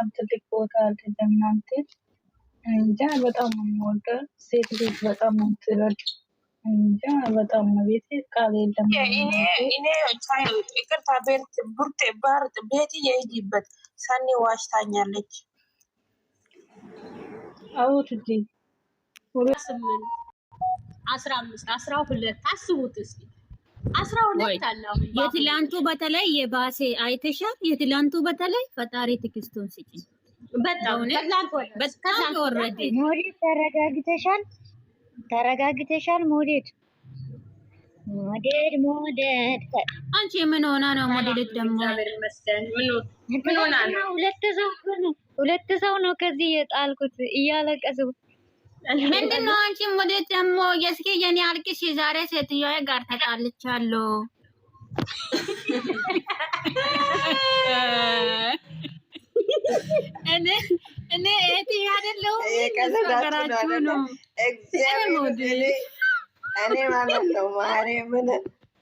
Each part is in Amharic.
በጣም ትልቅ ቦታ አለ ለእናንተ። እንጃ በጣም ነው የምወደው። ሴት ልጅ በጣም ነው የምትረድ። እንጃ በጣም ነው ቤቴ ቃል የለም። እኔ እኔ ይቅርታ ቤት ቡርቴ ባር ቤት የሄድበት ሰኔ ዋሽታኛለች። አዎ ትጂ ሁለት ስምንት አስራ አምስት አስራ ሁለት አስቡት እስኪ አስራ ሁለት አለ። የትላንቱ በተለይ የባሴ አይተሻል። የትላንቱ በተለይ ፈጣሪ ትዕግስቱን ስጪኝ። በጣም ወረደ። ሞዴት ተረጋግተሻል፣ ተረጋግተሻል። ሞዴት ሞዴት ሞዴት አንቺ ምን ሆና ነው? ሞዴት ደግሞ ሁለት ሰው ነው ከዚህ የጣልኩት እያለቀስኩ ምንድን ነው አንቺ ሙድ ደግሞ የስኪ የኔ አልቅሽ ዛሬ ሴትዮዋ ጋር ተጣልቻለሁ። እኔ እህት አይደለሁም ነገራችሁ ነው። እኔ ማለት ነው ማርያምን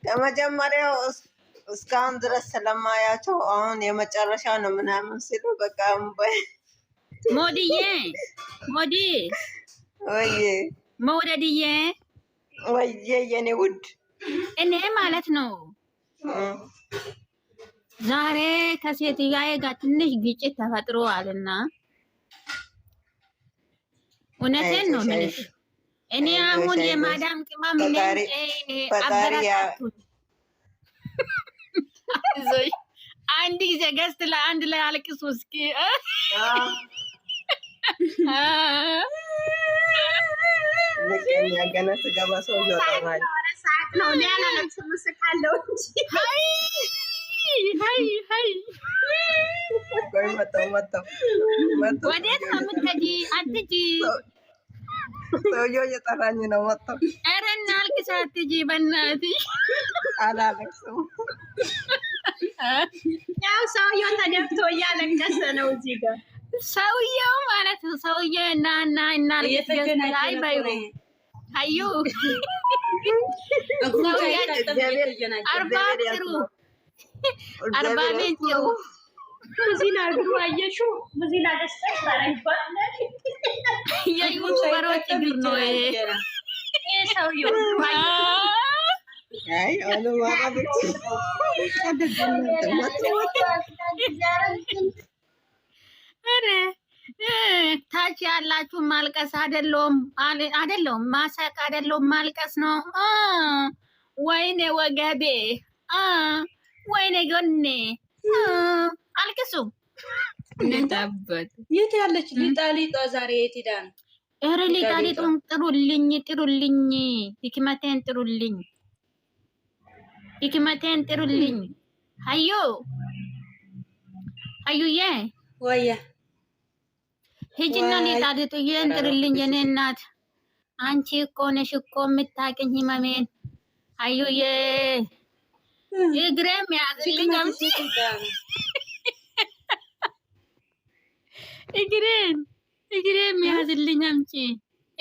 ከመጀመሪያው እስካሁን ድረስ ስለማያቸው አሁን የመጨረሻ ነው ምናምን ሲሉ በቃ ሞዲዬ ሞዲ ወይዬ መውደድዬ፣ ወይዬ የኔ ውድ እኔ ማለት ነው ዛሬ ከሴትያዬ ጋር ትንሽ ግጭት ተፈጥሮ አልና እውነቴን ነው የምልሽ። እኔ አሁን የማዳም ቅመም አበረታቱኝ። አንድ ጊዜ ገስት ለአንድ ላይ አልቅሱ እስኪ ገና ስጋ ሰው ይወጣል። ሰዓት ነው ሊያና ለምስምስካለው እንጂ ወዴት ነው የምትሄጂው? አትሄጂ። ሰውዬው እየጠራኝ ነው። መጣሁ። ኧረ እናልቅስ። አትሄጂ በእናትሽ። አላለቅስም። ያው ሰውዬው ተደብቶ እያለቀሰ ነው እዚህ ጋር ሰውየው ማለት ነው። ሰውየው እና እና እና ላይ ባዩ አዩ አርባ ጥሩ አርባ ቤት ጥሩ እግሩ አየሹ በዚህና ደስታሽ ታረግባት የዩ እግር ነው ይሄ ሰውየው አይ ታች ያላችሁ ማልቀስ አይደለውም አይደለውም ማሳቅ አይደለውም ማልቀስ ነው። ወይኔ ወገቤ፣ ወይኔ ጎኔ፣ አልቅሱ። የት ያለች ሊጣሊጧ ዛሬ የት ሄዳ ነው? ኧረ ሊጣሊጡን ጥሩልኝ፣ ጥሩልኝ፣ ሂክመቴን ጥሩልኝ፣ ሂክመቴን ጥሩልኝ። አዩ አዩዬ ወያ ሂጂና ሊጣድጡዬ እንጥርልኝ የኔ እናት አንቺ እኮ ነሽ እኮ የምታቅኝ ህመሜን አዩዬ እግሬም ያዝልኝ እግሬን እግሬም ያዝልኝ አምጪ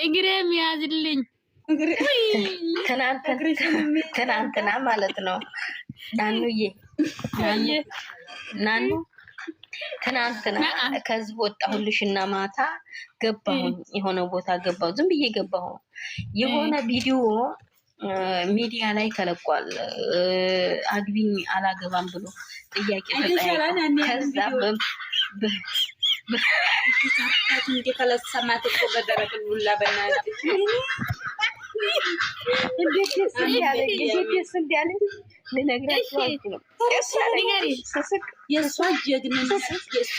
እግሬም ያዝልኝ። ትናንትና ማለት ነው ዳኑዬ ናኑ ትናንትና ከህዝብ ወጣሁልሽና ማታ ገባሁኝ፣ የሆነ ቦታ ገባሁ፣ ዝም ብዬ ገባሁ። የሆነ ቪዲዮ ሚዲያ ላይ ተለቋል። አግቢኝ አላገባም ብሎ ጥያቄ ከዛ የእሷ ጀግንነት የእሷ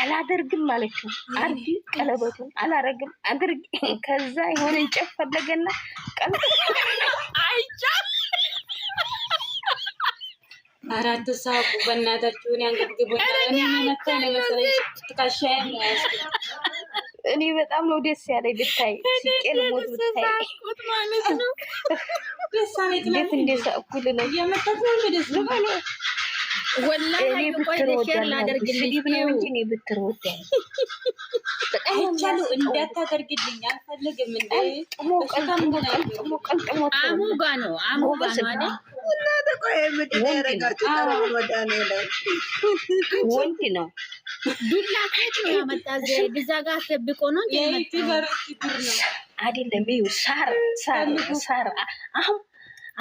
አላደርግም አርጊ ቀለበቱን አላረግም አድርጊ። ከዛ የሆነ እንጨት ፈለገና አይቻል አራት ሳቁ በእናታችሁን ያንገድግቦታል። ትካሻ ያለ እኔ በጣም ነው ደስ ያለኝ። ብታይ ሲቄል ሞት ብታይ ማለት ነው ደስ አለኝ። እንዴት እንደሳኩል ነው እንዳታደርግልኝ አልፈልግም። አሞጋ ነው አሞጋ ነው። ወንድ አይደለም። ሳር ሳር ሳር አሁን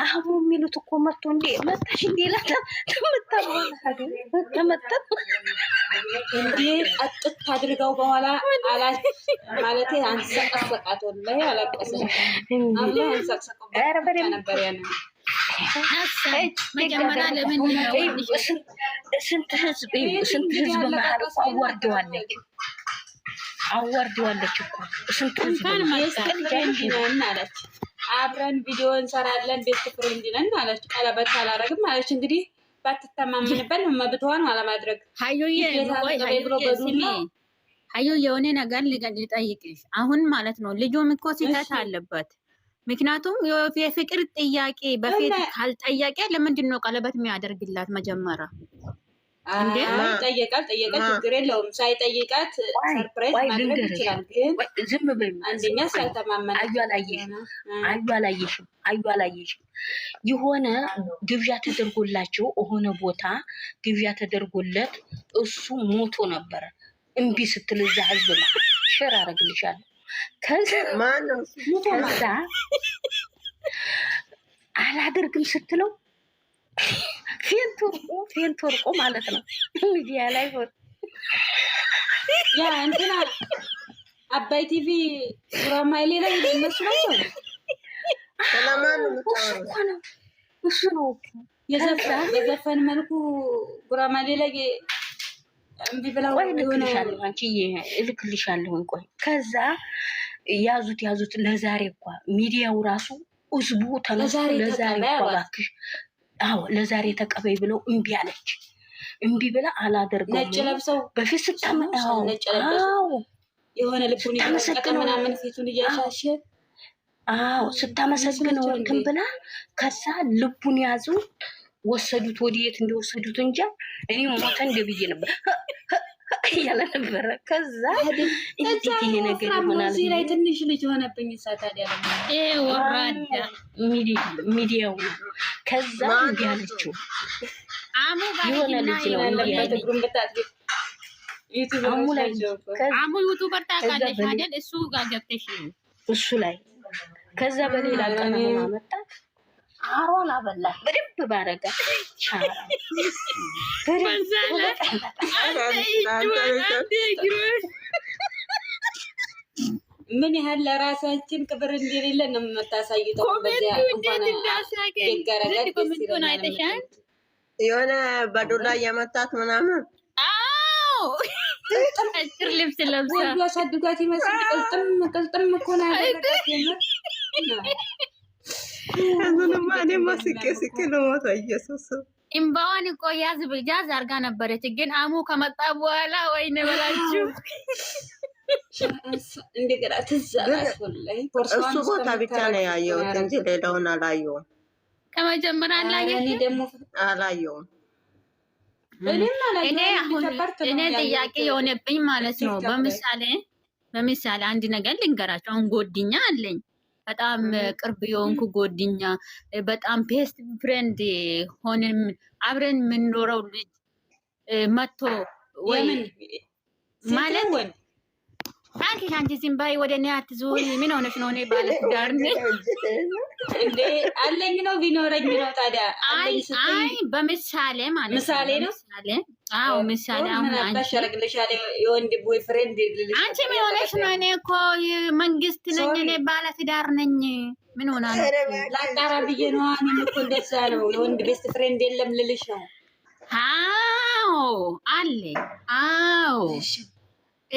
አህሙ የሚሉት እኮ መጥቶ እንዴ መጣሽ እንዴ ይላታል። ተመጣጣ እንዴ ቀጥታ አድርገው በኋላ ማለት አንሰቀሰቃት ወላሂ አለቀሰ ነበር ያለ መጀመሪያ ለምን ስንት ህዝብ ስንት ህዝብ መሀል እኮ አዋርደዋለች አዋርደዋለች እኮ ስንት ህዝብ ነው አለች አብረን ቪዲዮ እንሰራለን። ቤስት ፍሬንድ ነን አለች። ቀለበት አላረግም አለች። እንግዲህ ባትተማመንበት ነው መብትዋን አለማድረግ። ሀዩ የሆነ ነገር ልጠይቅሽ አሁን ማለት ነው። ልጁም እኮ ስህተት አለበት። ምክንያቱም የፍቅር ጥያቄ በፊት ካልጠያቄ ለምንድን ነው ቀለበት የሚያደርግላት መጀመሪያ? ጠየቃል ጠየቃ ችግር የለውም። ሳይጠይቃት ሰርፕራይዝ ማድረግ ይችላል። ግን ዝም አንደኛ አዩ አላየሽም፣ አዩ አላየሽም፣ አዩ አላየሽም። የሆነ ግብዣ ተደርጎላቸው የሆነ ቦታ ግብዣ ተደርጎለት እሱ ሞቶ ነበረ። እምቢ ስትል እዛ ህዝብ ሽር አረግልሻለሁ። ከዛ አላደርግም ስትለው ፌንቶርቁ ፌንቶርቁ ማለት ነው። ሚዲያ ላይ ሆን ያ እንትና አባይ ቲቪ ሱራማይሌ ላይ ይመስላል። እሱ ነው የዘፈን መልኩ ጉራማይሌ ላይ እምቢ ብላ እልክልሻለሁ። ቆይ ከዛ ያዙት ያዙት። ለዛሬ እኳ ሚዲያው ራሱ ህዝቡ ተነሱ፣ ለዛሬ እኳ እባክሽ አዎ ለዛሬ ተቀበይ ብለው እምቢ አለች። እምቢ ብላ አላደርገው ነጭ ለብሰው በፊት የሆነ ልቡን ምናምን ፊቱን እያሻሸ አዎ ስታመሰግነው እንትን ብላ ከዛ ልቡን ያዙ ወሰዱት፣ ወዲየት እንደወሰዱት እንጃ። እኔ ሞተ እንደብዬ ነበር እያለ ነበረ። ከዛ ይሄ ነገር ይሆናል? እዚህ ላይ ትንሽ ልጅ ሆነብኝ። እሳ ታዲያ ወራዳ ሚዲያው ነው። ከዛ እንዲህ አለችው የሆነ ልጅ ነው አሙ ላይ አሙ ዩቱበር ታውቃለች አይደል? እሱ ጋር ገብተሽ እሱ ላይ ከዛ በሌላ ቀን ሆና መጣ አሮን አበላ በደንብ ባረገ ምን ያህል ለራሳችን ክብር እንደሌለ ነው የምታሳይተው። የሆነ በዱላ እየመታት ምናምን አጭር ልብስ ለብሳ አሳድጓት ይመስል ቅልጥም ቅልጥም እኮ ነው ያደረጋት። እሱንማ እኔማ ስቄ ስቄ ልሞት ኢየሱስ እምባዋን እኮ ያዝ ብጃዝ አርጋ ነበረች፣ ግን አሙ ከመጣ በኋላ ወይ ንበላችሁ እሱ ቦታ ብቻ ነው ያየሁት እንጂ ሌላውን አላየውም። ከመጀመሪያ አላየውም። እኔ ጥያቄ የሆነብኝ ማለት ነው። በምሳሌ በምሳሌ አንድ ነገር ልንገራቸው። አሁን ጎድኛ አለኝ በጣም ቅርብ የሆንኩ ጎድኛ በጣም ቤስት ፍሬንድ ሆነን አብረን የምንኖረው ልጅ መጥቶ ወይ ማለት አንቺ አንቺ ዝም በይ፣ ወደ እኔ አትዙሪ። ምን ሆነሽ ነው? እኔ ባለ ነኝ እንዴ አለኝ ነው ቢኖረኝ ነው ታዲያ። አይ አይ በምሳሌ ማለት ምሳሌ ነው ምሳሌ አዎ ምሳሌ አሁን አንቺ የወንድ አንቺ ምን ሆነሽ ነው? እኔ እኮ መንግስት ነኝ፣ እኔ ባለትዳር ነኝ። ምን ሆና ነው? ላጣራ ብዬ ነው። እኔም እኮ እንደዛ ነው። የወንድ ቤስት ፍሬንድ የለም ልልሽ ነው። አዎ አለ። አዎ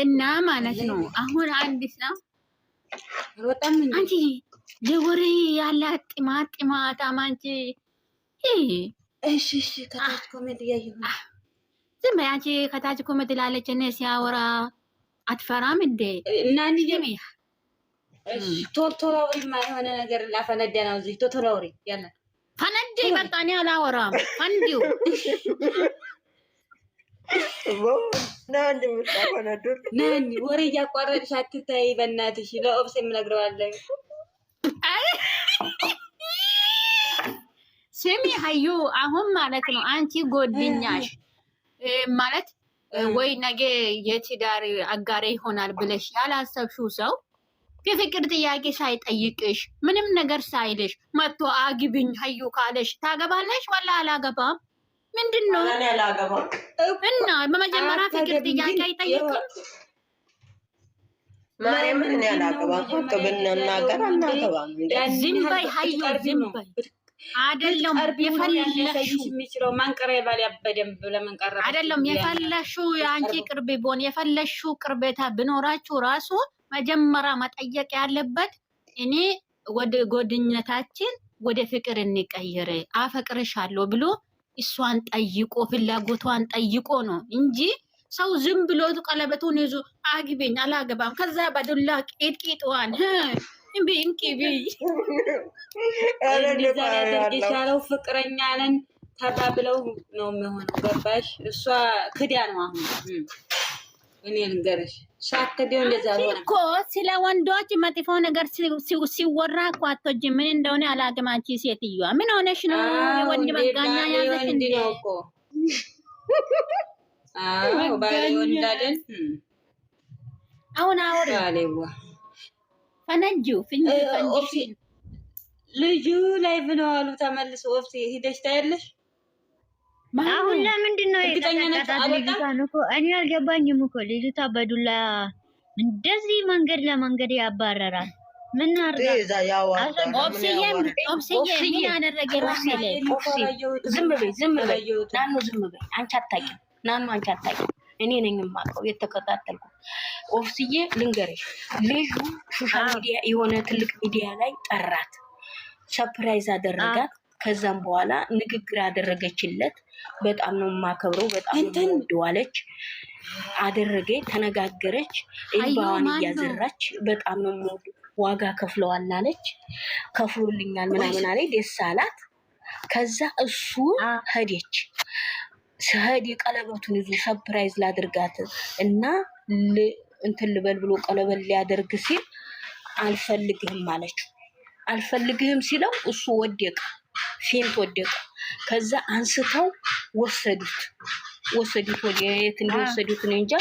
እና ማለት ነው አሁን አንዲስ ነው አንቺ የወሬ ያላት ጥማት ጥማት አማንቺ እሺ እሺ ከታች ኮሜንት እያየሁ ነው ፍጹም ያቺ ከታች እኮ ምትላለች። እኔ ሲያወራ አትፈራም እንዴ? እና ጀሚያ ቶቶሎ አውሪማ የሆነ ነገር ላፈነዳ ነው እዚህ ቶቶሎ አውሪ ያለ ፈነዲ በቃ እኔ አላወራም። ፈንዲው ናኒ ወሬ እያቋረጥሽ አትታይ፣ በእናትሽ ለኦብስ የምነግረዋለኝ ስሚ ሀዩ፣ አሁን ማለት ነው አንቺ ጎድኛሽ ማለት ወይ ነገ የትዳር አጋሬ ይሆናል ብለሽ ያላሰብሽው ሰው የፍቅር ጥያቄ ሳይጠይቅሽ ምንም ነገር ሳይልሽ መጥቶ አግብኝ ሀዩ ካለሽ ታገባለሽ? ወላ አላገባም? ምንድን ነው እና በመጀመሪያ ፍቅር ጥያቄ አይጠይቅም። ማርያምን ያላገባ ብናናገር አናገባም። ዝም በይ ሀዩ ዝም በይ አይደለም የፈለግሽው የሚችለው ማንቀሪያ ባል በደንብ ለመንቀረ አይደለም የፈለግሽው አንቺ ቅርብ ቢሆን የፈለሹ ቅርቤታ ብኖራችሁ ራሱ መጀመሪያ መጠየቅ ያለበት እኔ ወደ ጎድኝነታችን ወደ ፍቅር እንቀይር አፈቅርሻለሁ ብሎ እሷን ጠይቆ ፍላጎቷን ጠይቆ ነው እንጂ ሰው ዝም ብሎ ቀለበቱን ይዞ አግቤኝ አላገባም ከዛ በዱላ ቂጥቂጥዋን እንቢ ያለው ፍቅረኛ ነን ተባብለው ነው የሚሆነው። ገባሽ? እሷ ክዳ ነው አሁን እኔ ልንገርሽ እኮ ስለ ወንዶች መጥፎ ነገር ሲወራ እኮ አትወጂም። ምን እንደሆነ አላውቅም። አንቺ ሴትዮዋ ምን ሆነሽ ነው? የወንድ መጋኛ ያዘሽ እንደ አሁን አውሪ ፈነጁ ፍንጅ ፈንጅ ልጁ ላይ ብነዋሉ ተመልሶ ኦፍሴ ሂደሽ ታያለሽ። አሁን ለምንድን ነው የቀጠቀጣት እኔ አልገባኝም እኮ ልጅቷ በዱላ እንደዚህ መንገድ ለመንገድ ያባረራል። ምን አርጋ ዝም በይ፣ ዝም በይ ናኑ፣ ዝም በይ አንቺ አታውቂም ናኑ፣ አንቺ አታውቂም እኔ ነኝ የማውቀው የተከታተልኩ። ኦፍስዬ ልንገርሽ፣ ልዩ ሶሻል ሚዲያ የሆነ ትልቅ ሚዲያ ላይ ጠራት፣ ሰፕራይዝ አደረጋት። ከዛም በኋላ ንግግር አደረገችለት። በጣም ነው የማከብረው፣ በጣም ደዋለች፣ አደረገ፣ ተነጋገረች፣ እምባዋን እያዘራች በጣም ነው ሞዱ። ዋጋ ከፍለዋል አለች፣ ከፍሎልኛል ምናምን አለች። ደስ አላት። ከዛ እሱ ሄደች ሸህዲ የቀለበቱን ይዞ ሰፕራይዝ ላድርጋት እና እንትን ልበል ብሎ ቀለበት ሊያደርግ ሲል አልፈልግህም አለችው። አልፈልግህም ሲለው እሱ ወደቀ፣ ፌንት ወደቀ። ከዛ አንስተው ወሰዱት ወሰዱት ወደ የት እንደወሰዱት ነው እንጃ።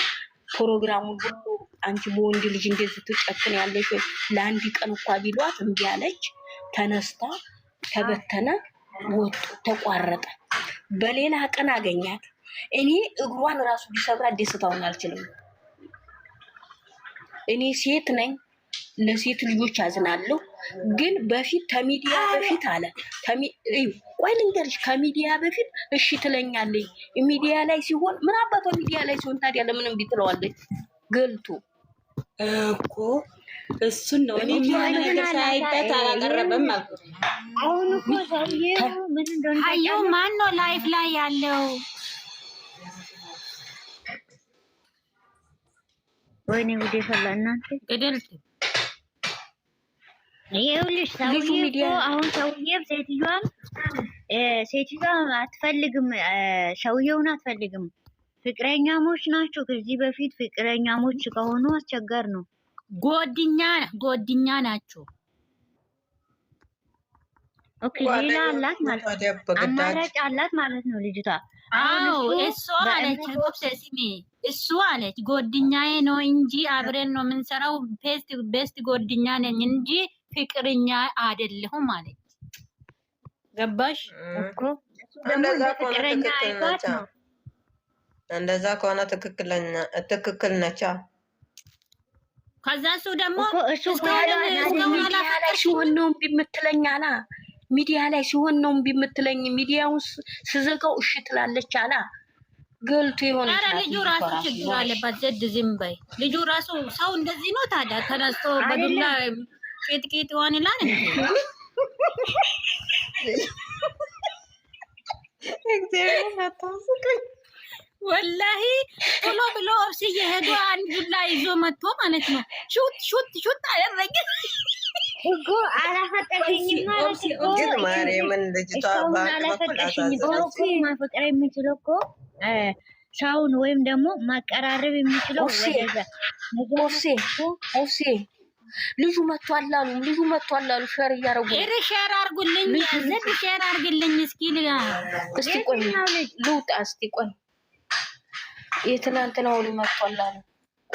ፕሮግራሙ ሁሉ አንቺ በወንድ ልጅ እንደዚህ ትጨክን ያለች ወይ ለአንድ ቀን እኳ ቢሏት እምቢ አለች። ተነስታ ተበተነ፣ ወጡ፣ ተቋረጠ። በሌላ ቀን አገኛት። እኔ እግሯን ራሱ ቢሰብራ ደስታውን አልችልም። እኔ ሴት ነኝ፣ ለሴት ልጆች አዝናለሁ። ግን በፊት ከሚዲያ በፊት አለ ቆይ ልንገርሽ፣ ከሚዲያ በፊት እሺ ትለኛለኝ። ሚዲያ ላይ ሲሆን ምን አባቷ ሚዲያ ላይ ሲሆን ታዲያ ለምንም ቢትለዋለች ገልቶ እኮ እሱን ነው እኔ ሳይበት አላቀረበም አልኩት። አሁን እኮ ሰውዬው ምን እንደሆነ አየሁ። ማን ነው ላይፍ ላይ ያለው? ወይኔ ጉዴ ፈላ እናንተ ገደልት። ይኸውልሽ ሰውዬ እኮ አሁን ሰውዬ ሴትዮዋም ሴትዮዋም አትፈልግም፣ ሰውዬውን አትፈልግም። ፍቅረኛሞች ናቸው። ከዚህ በፊት ፍቅረኛሞች ከሆኑ አስቸጋሪ ነው ጎድኛ ጎድኛ ናቸው። ኦኬ ሌላ አላት ማለት አማራጭ አላት ማለት ነው ልጅቷ። አዎ እሱ አለች ሮብሴ ስሜ እሱ አለች ጎድኛዬ ነው እንጂ አብረን ነው የምንሰራው። ቤስት ቤስት ጎድኛ ነኝ እንጂ ፍቅርኛ አይደለሁም አለች። ገባሽ እንደዛ ከሆነ ትክክል ነቻ ከዛ እሱ ደግሞ እሱ ሲሆን ነው እምቢ የምትለኝ አላ ሚዲያ ላይ ሲሆን ነው እምቢ የምትለኝ። ሚዲያውን ስዘጋው እሺ ትላለች አላ ገልቱ የሆነ ኧረ ልጁ ራሱ ችግር አለባት። ዘድ ዝም በይ ልጁ ራሱ ሰው እንደዚህ ነው ታዲያ ተነስቶ በዱላ ቄጥቄጥ ዋን ይላል እንዴ? ወላሂ ቶሎ ብሎ እብስ እየሄዱ አንድ ዱላ ይዞ መጥቶ ማለት ነው። ሹት ሹት ሹት አደረገ እኮ ማፈቀር የሚችለው እኮ ሰውን ወይም ደግሞ ማቀራረብ የሚችለው ልጁ ልጁ ሸር ሸር አርጉልኝ፣ ሸር አርግልኝ። እስኪ ልጋ እስቲ ቆይ ልውጣ እስቲ ቆይ የትናንትናው ሊመቷላ ነው።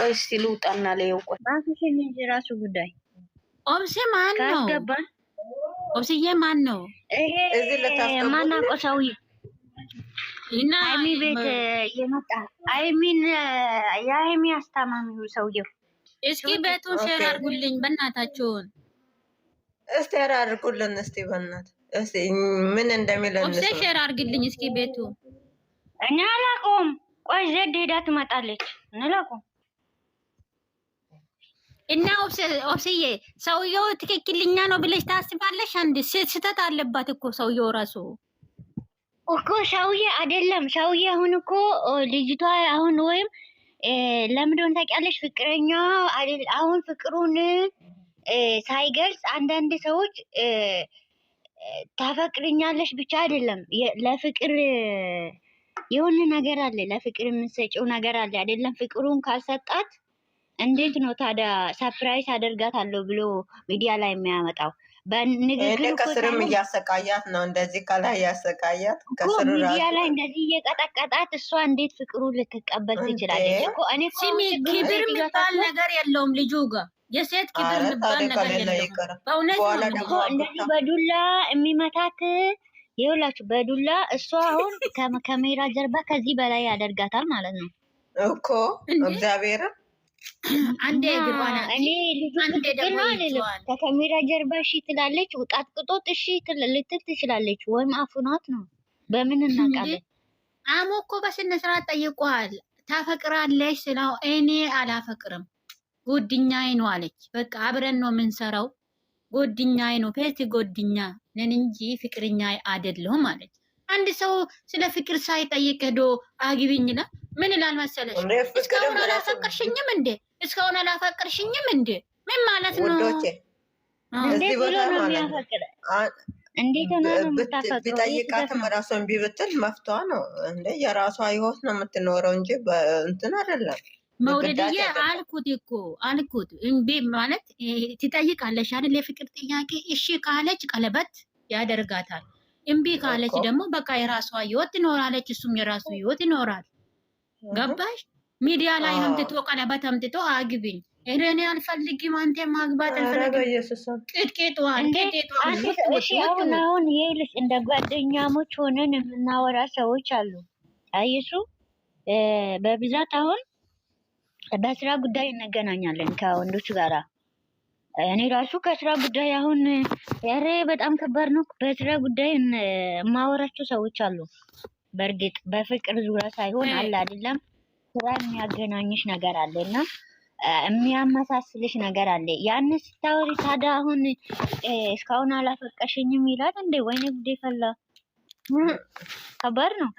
ቆይ እስቲ ልውጣና ለየው። ቆይ ራስሽን እንጂ ራሱ ጉዳይ ኦብሴ ማን ነው? ኦብሴዬ ማን ነው? ማናውቀው ሰውዬ እና አይሚ ቤት የመጣ አይሚን የአይሚ አስታማሚው ሰውዬው። እስኪ ቤቱን ሼር አድርጉልኝ በእናታችሁን፣ እስቲ አድርጉልን እስቲ በእናት ምን እንደሚለን ኦብሴ ሼር አድርግልኝ እስኪ ቤቱ እኛ አላውቀውም ቆይ ዘድ ሄዳ ትመጣለች እንላቁ እና ኦብስዬ ሰውየው ትክክለኛ ነው ብለሽ ታስባለሽ? አንድ ስህተት አለባት እኮ ሰውየው ራሱ እኮ ሰውዬ አይደለም። ሰውዬ አሁን እኮ ልጅቷ አሁን ወይም ለምንድን ታውቂያለሽ? ፍቅረኛ አሁን ፍቅሩን ሳይገልጽ አንዳንድ ሰዎች ታፈቅርኛለሽ ብቻ አይደለም ለፍቅር የሆነ ነገር አለ፣ ለፍቅር የምንሰጨው ነገር አለ አይደለም? ፍቅሩን ካልሰጣት እንዴት ነው ታዲያ ሰርፕራይዝ አደርጋታለሁ ብሎ ሚዲያ ላይ የሚያመጣው? በንግግር ከስርም እያሰቃያት ነው እንደዚህ ከላይ እያሰቃያት ሚዲያ ላይ እንደዚህ እየቀጠቀጣት እሷ እንዴት ፍቅሩ ልትቀበል ትችላለች? እኔ ክብር የሚባል ነገር የለውም ልጁ ጋር የሴት ክብር የሚባል ነገር የለውም። በእውነት እንደዚህ በዱላ የሚመታት ይኸውላችሁ በዱላ እሷ አሁን ከካሜራ ጀርባ ከዚህ በላይ ያደርጋታል ማለት ነው እኮ እግዚአብሔር። ከካሜራ ጀርባ እሺ ትላለች፣ ቀጥቅጦት እሺ ልትል ትችላለች፣ ወይም አፉናት ነው። በምን እናውቃለን? አሞ እኮ በስነ ስርዓት ጠይቋል። ታፈቅራለች ስለው እኔ አላፈቅርም ጉድኛዬ ነው አለች። በቃ አብረን ነው የምንሰራው ጎድኛዬ ነው ፔቲ ጎድኛ ነን እንጂ ፍቅርኛ አይደለሁም አለች። አንድ ሰው ስለ ፍቅር ሳይጠይቅ ሄዶ አግቢኝ ይላል። ምን ይላል መሰለሽ? እስካሁን አላፈቅርሽኝም እንዴ? እስካሁን አላፈቅርሽኝም እንዴ? ምን ማለት ነው? እንዴት ብሎ ነው የሚያፈቅር? እንዴት ነው የምታፈቅረው? ቢጠይቃትም ራሷን ቢብትል መፍቷ ነው እንዴ። የራሷ ህይወት ነው የምትኖረው እንጂ እንትን አይደለም። መውደድዬ አልኩት እኮ አልኩት እምቢ ማለት ትጠይቃለሽ አይደል? የፍቅር ጥያቄ እሺ ካለች ቀለበት ያደርጋታል። እምቢ ካለች ደግሞ በቃ የራሷ ህይወት ትኖራለች፣ እሱም የራሱ ህይወት ይኖራል። ገባሽ? ሚዲያ ላይ አምጥቶ ቀለበት አምጥቶ አግቢኝ እኔ አልፈልግም፣ አንተ ማግባት አልፈልግም። ቅጥቅጥዋ እንደ ጓደኛሞች ሆነን የምናወራ ሰዎች አሉ አይሱ በብዛት አሁን በስራ ጉዳይ እንገናኛለን ከወንዶቹ ጋራ። እኔ ራሱ ከስራ ጉዳይ አሁን ኧረ በጣም ከባድ ነው። በስራ ጉዳይ የማወራቸው ሰዎች አሉ። በእርግጥ በፍቅር ዙሪያ ሳይሆን አለ አይደለም፣ ስራ የሚያገናኝሽ ነገር አለ እና የሚያመሳስልሽ ነገር አለ። ያን ስታወሪ ታዲያ አሁን እስካሁን አላፈቀሽኝም ይላል እንዴ! ወይኔ ጉዴ ፈላ! ከባድ ነው።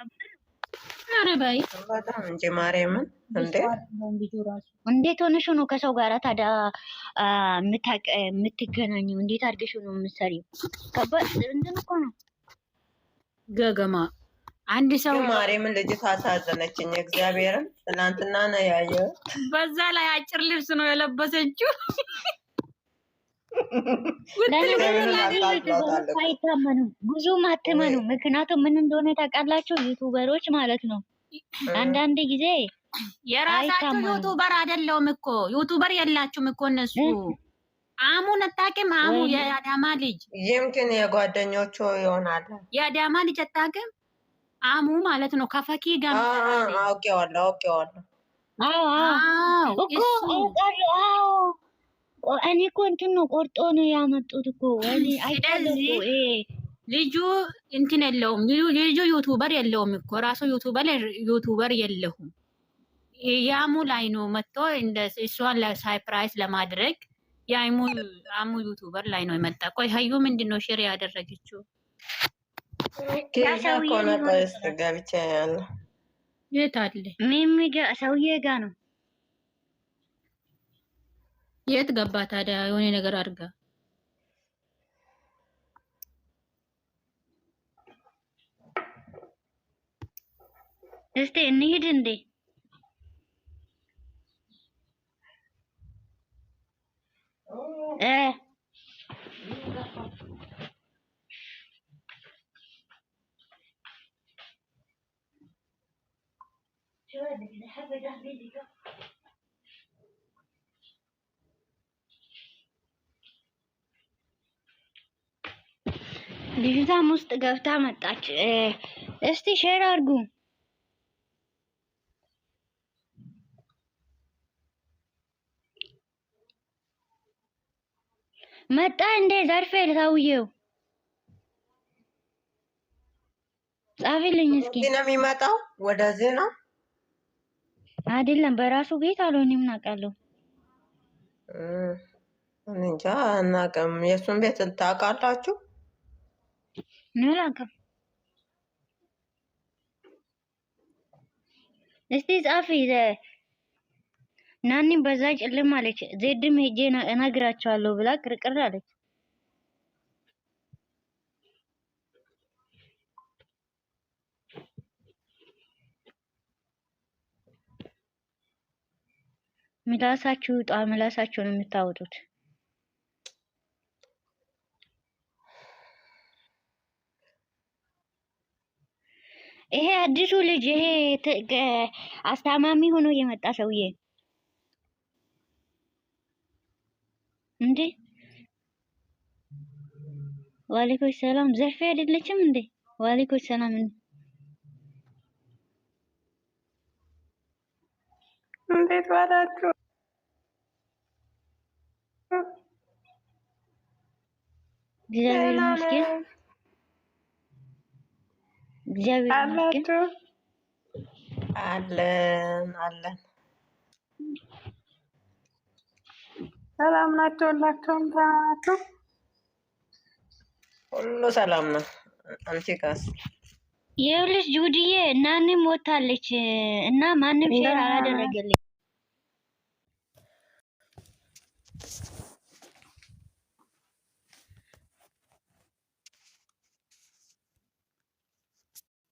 ኧረ በይ በጣም እንጂ ማርያምን። እንዴት ሆነሽ ነው ከሰው ጋር ታዲያ የምትገናኘው? እንዴት አድርገሽ ነው የምትሰሪው? ከባድ እንትን እኮ ነው ገገማ አንድ ሰው ማርያምን ልጅቷ አሳዘነችኝ። እግዚአብሔርን ትናንትና ነው ያየው። በዛ ላይ አጭር ልብስ ነው የለበሰችው። አይታመኑም፣ ብዙም አትመኑም። ምክንያቱም ምን እንደሆነ ታውቃላችሁ? ዩቱበሮች ማለት ነው አንዳንድ ጊዜ የራሳቸው ዩቱበር አይደለውም እኮ ዩቱበር የላችሁም እኮ እነሱ። አሙን አታውቅም? አሙ የአዳማ ልጅ ይምክን የጓደኞቹ ይሆናል። የአዳማ ልጅ አታውቅም? አሙ ማለት ነው ከፈኪ ጋር አውቄዋለሁ፣ አውቄዋለሁ እኮ አውቃለሁ። እኔ እኮ እንትን ነው ቆርጦ ነው ያመጡት እኮ ልጁ እንትን የለውም። ልጁ ዩቱበር የለውም እኮ ራሱ ዩቱበር ዩቱበር የለሁም። የአሙ ላይ ነው መጥቶ እንደ እሷን ሳይፕራይስ ለማድረግ የአሙ አሙ ዩቱበር ላይ ነው የመጣ። ቆይ ሀዩ ምንድን ነው ሼር ያደረገችው? ገብቻ ያለ የት አለ ሰውዬ ጋ ነው የት ገባ ታዲያ? የሆነ ነገር አድርጋ እስቲ እንሂድ እንዴ! ልጅቷም ውስጥ ገብታ መጣች። እስቲ ሼር አድርጉ። መጣ እንዴ ዘርፌ ልታውየው ጻፊልኝ እስኪ ነው የሚመጣው። ወደዚህ ነው አይደለም፣ በራሱ ቤት አልሆነ። ምን አውቃለሁ እንጃ፣ አናውቅም። የእሱን ቤት ታውቃላችሁ? ምን እስቲ ጻፊ ናኒ በዛ ጭልም አለች። ዜድም ሄጄ እነግራቸዋለሁ ብላ ቅርቅር አለች። ምላሳችሁ ውጣ፣ ምላሳችሁ ነው የምታወጡት። ይሄ አዲሱ ልጅ ይሄ አስታማሚ ሆኖ የመጣ ሰውዬ እንዴ? ዋሌኮች ሰላም። ዘርፌ አይደለችም እንዴ? ዋሌኮች ሰላም። እንዴት ዋላችሁ? እግዚአብሔር ይመስገን። እግዚአብሔር አለን አለን። ሰላም ናቸው ሁላቸውም፣ ደህና ናቸው። ሁሉ ሰላም ነው። አንቺ ጋስ ጁድዬ ሞታለች እና ማንም አላደረገልኝ